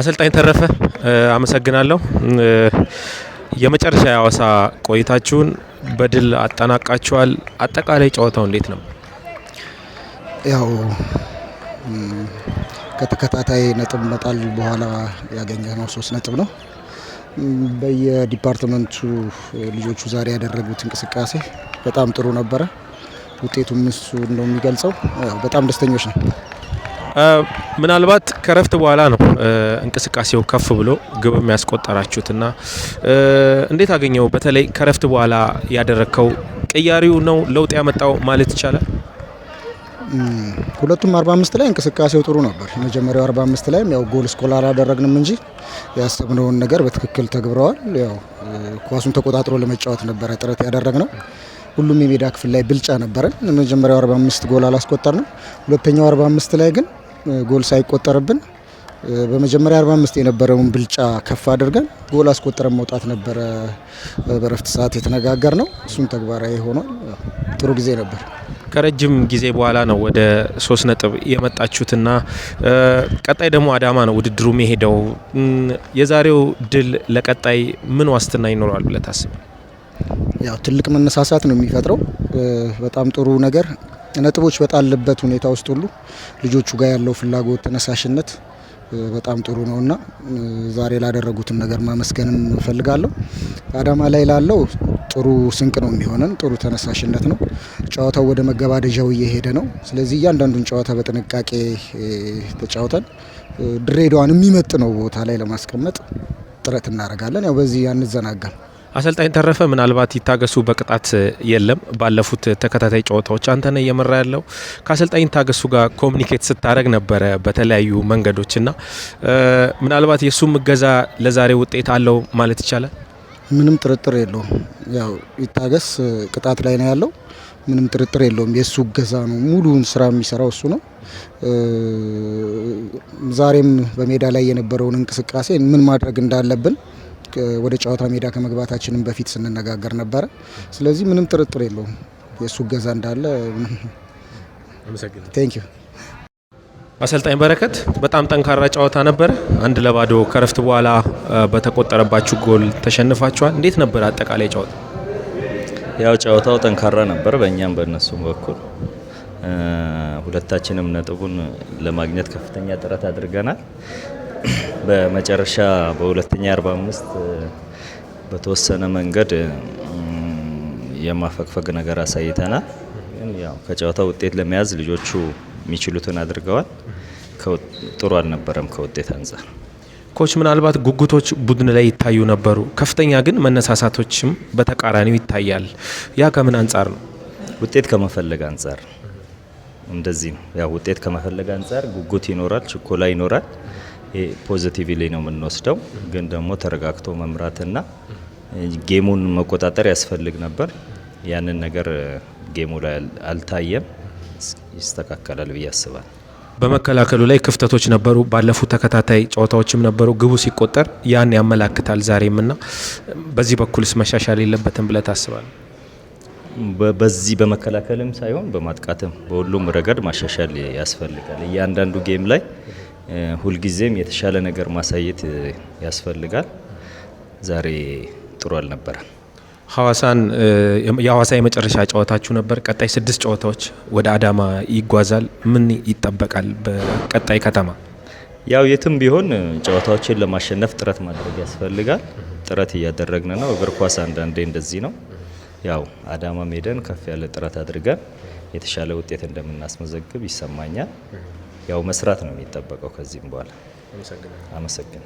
አሰልጣኝ ተረፈ አመሰግናለሁ። የመጨረሻ የአዋሳ ቆይታችሁን በድል አጠናቃችኋል። አጠቃላይ ጨዋታው እንዴት ነው? ያው ከተከታታይ ነጥብ መጣል በኋላ ያገኘነው ሶስት ነጥብ ነው። በየዲፓርትመንቱ ልጆቹ ዛሬ ያደረጉት እንቅስቃሴ በጣም ጥሩ ነበረ። ውጤቱም እሱ እንደሚገልጸው በጣም ደስተኞች ነው። ምናልባት ከረፍት በኋላ ነው እንቅስቃሴው ከፍ ብሎ ግብ እና እንዴት አገኘው? በተለይ ከረፍት በኋላ ያደረግከው ቅያሪው ነው ለውጥ ያመጣው ማለት ይቻላል? ሁለቱም 45 ላይ እንቅስቃሴው ጥሩ ነበር። መጀመሪያው 45 ላይም ያው ጎል ስኮላ አላደረግንም እንጂ ያሰብነውን ነገር በትክክል ተግብረዋል። ያው ኳሱን ተቆጣጥሮ ለመጫወት ነበረ ጥረት ያደረግነው። ሁሉም የሜዳ ክፍል ላይ ብልጫ ነበረን። መጀመሪያው 45 ጎል አላስቆጠርንም። ሁለተኛው 45 ላይ ግን ጎል ሳይቆጠርብን በመጀመሪያ 45 የነበረውን ብልጫ ከፍ አድርገን ጎል አስቆጠረን መውጣት ነበረ በረፍት ሰዓት የተነጋገር ነው። እሱን ተግባራዊ ሆኗል። ጥሩ ጊዜ ነበር። ከረጅም ጊዜ በኋላ ነው ወደ ሶስት ነጥብ የመጣችሁትና ቀጣይ ደግሞ አዳማ ነው ውድድሩ የሄደው። የዛሬው ድል ለቀጣይ ምን ዋስትና ይኖረዋል ብለህ ያው ትልቅ መነሳሳት ነው የሚፈጥረው። በጣም ጥሩ ነገር ነጥቦች በጣልበት ሁኔታ ውስጥ ሁሉ ልጆቹ ጋር ያለው ፍላጎት፣ ተነሳሽነት በጣም ጥሩ ነው እና ዛሬ ላደረጉትን ነገር ማመስገንም እፈልጋለሁ። አዳማ ላይ ላለው ጥሩ ስንቅ ነው የሚሆነን፣ ጥሩ ተነሳሽነት ነው። ጨዋታው ወደ መገባደጃው እየሄደ ነው። ስለዚህ እያንዳንዱን ጨዋታ በጥንቃቄ ተጫውተን ድሬዳዋን የሚመጥ ነው ቦታ ላይ ለማስቀመጥ ጥረት እናደርጋለን። ያው በዚህ አንዘናጋም። አሰልጣኝ ተረፈ ምናልባት ይታገሱ በቅጣት የለም ባለፉት ተከታታይ ጨዋታዎች አንተነ እየመራ ያለው ከአሰልጣኝ ታገሱ ጋር ኮሚኒኬት ስታደረግ ነበረ በተለያዩ መንገዶች እና ምናልባት የእሱም እገዛ ለዛሬ ውጤት አለው ማለት ይቻላል። ምንም ጥርጥር የለውም። ያው ይታገስ ቅጣት ላይ ነው ያለው። ምንም ጥርጥር የለውም። የእሱ እገዛ ነው። ሙሉን ስራ የሚሰራው እሱ ነው። ዛሬም በሜዳ ላይ የነበረውን እንቅስቃሴ ምን ማድረግ እንዳለብን ወደ ጨዋታ ሜዳ ከመግባታችንም በፊት ስንነጋገር ነበረ። ስለዚህ ምንም ጥርጥር የለውም የእሱ እገዛ እንዳለ። ቴንክ አሰልጣኝ በረከት። በጣም ጠንካራ ጨዋታ ነበረ። አንድ ለባዶ ከረፍት በኋላ በተቆጠረባችሁ ጎል ተሸንፋችኋል። እንዴት ነበር አጠቃላይ ጨዋታ? ያው ጨዋታው ጠንካራ ነበር በእኛም በእነሱም በኩል ሁለታችንም ነጥቡን ለማግኘት ከፍተኛ ጥረት አድርገናል። በመጨረሻ በሁለተኛ 45 በተወሰነ መንገድ የማፈግፈግ ነገር አሳይተናል። ግን ያው ከጨዋታ ውጤት ለመያዝ ልጆቹ የሚችሉትን አድርገዋል። ጥሩ አልነበረም ከውጤት አንጻር። ኮች ምናልባት ጉጉቶች ቡድን ላይ ይታዩ ነበሩ፣ ከፍተኛ ግን መነሳሳቶችም በተቃራኒው ይታያል። ያ ከምን አንጻር ነው? ውጤት ከመፈለግ አንጻር እንደዚህ ነው። ያው ውጤት ከመፈለግ አንጻር ጉጉት ይኖራል፣ ችኮላ ይኖራል። ፖዚቲቭሊ ነው የምንወስደው። ግን ደግሞ ተረጋግቶ መምራትና ጌሙን መቆጣጠር ያስፈልግ ነበር። ያንን ነገር ጌሙ ላይ አልታየም። ይስተካከላል ብዬ አስባል። በመከላከሉ ላይ ክፍተቶች ነበሩ። ባለፉት ተከታታይ ጨዋታዎችም ነበሩ። ግቡ ሲቆጠር ያን ያመላክታል ዛሬም እና በዚህ በኩልስ መሻሻል የለበትም ብለ ታስባል? በዚህ በመከላከልም ሳይሆን በማጥቃትም በሁሉም ረገድ ማሻሻል ያስፈልጋል። እያንዳንዱ ጌም ላይ ሁልጊዜም የተሻለ ነገር ማሳየት ያስፈልጋል። ዛሬ ጥሩ አልነበረም። ሐዋሳን የሐዋሳ የመጨረሻ ጨዋታችሁ ነበር። ቀጣይ ስድስት ጨዋታዎች ወደ አዳማ ይጓዛል። ምን ይጠበቃል? በቀጣይ ከተማ ያው የትም ቢሆን ጨዋታዎችን ለማሸነፍ ጥረት ማድረግ ያስፈልጋል። ጥረት እያደረግን ነው። እግር ኳስ አንዳንዴ እንደዚህ ነው። ያው አዳማ ሜደን ከፍ ያለ ጥረት አድርገን የተሻለ ውጤት እንደምናስመዘግብ ይሰማኛል። ያው መስራት ነው የሚጠበቀው ከዚህም በኋላ። አመሰግናለሁ።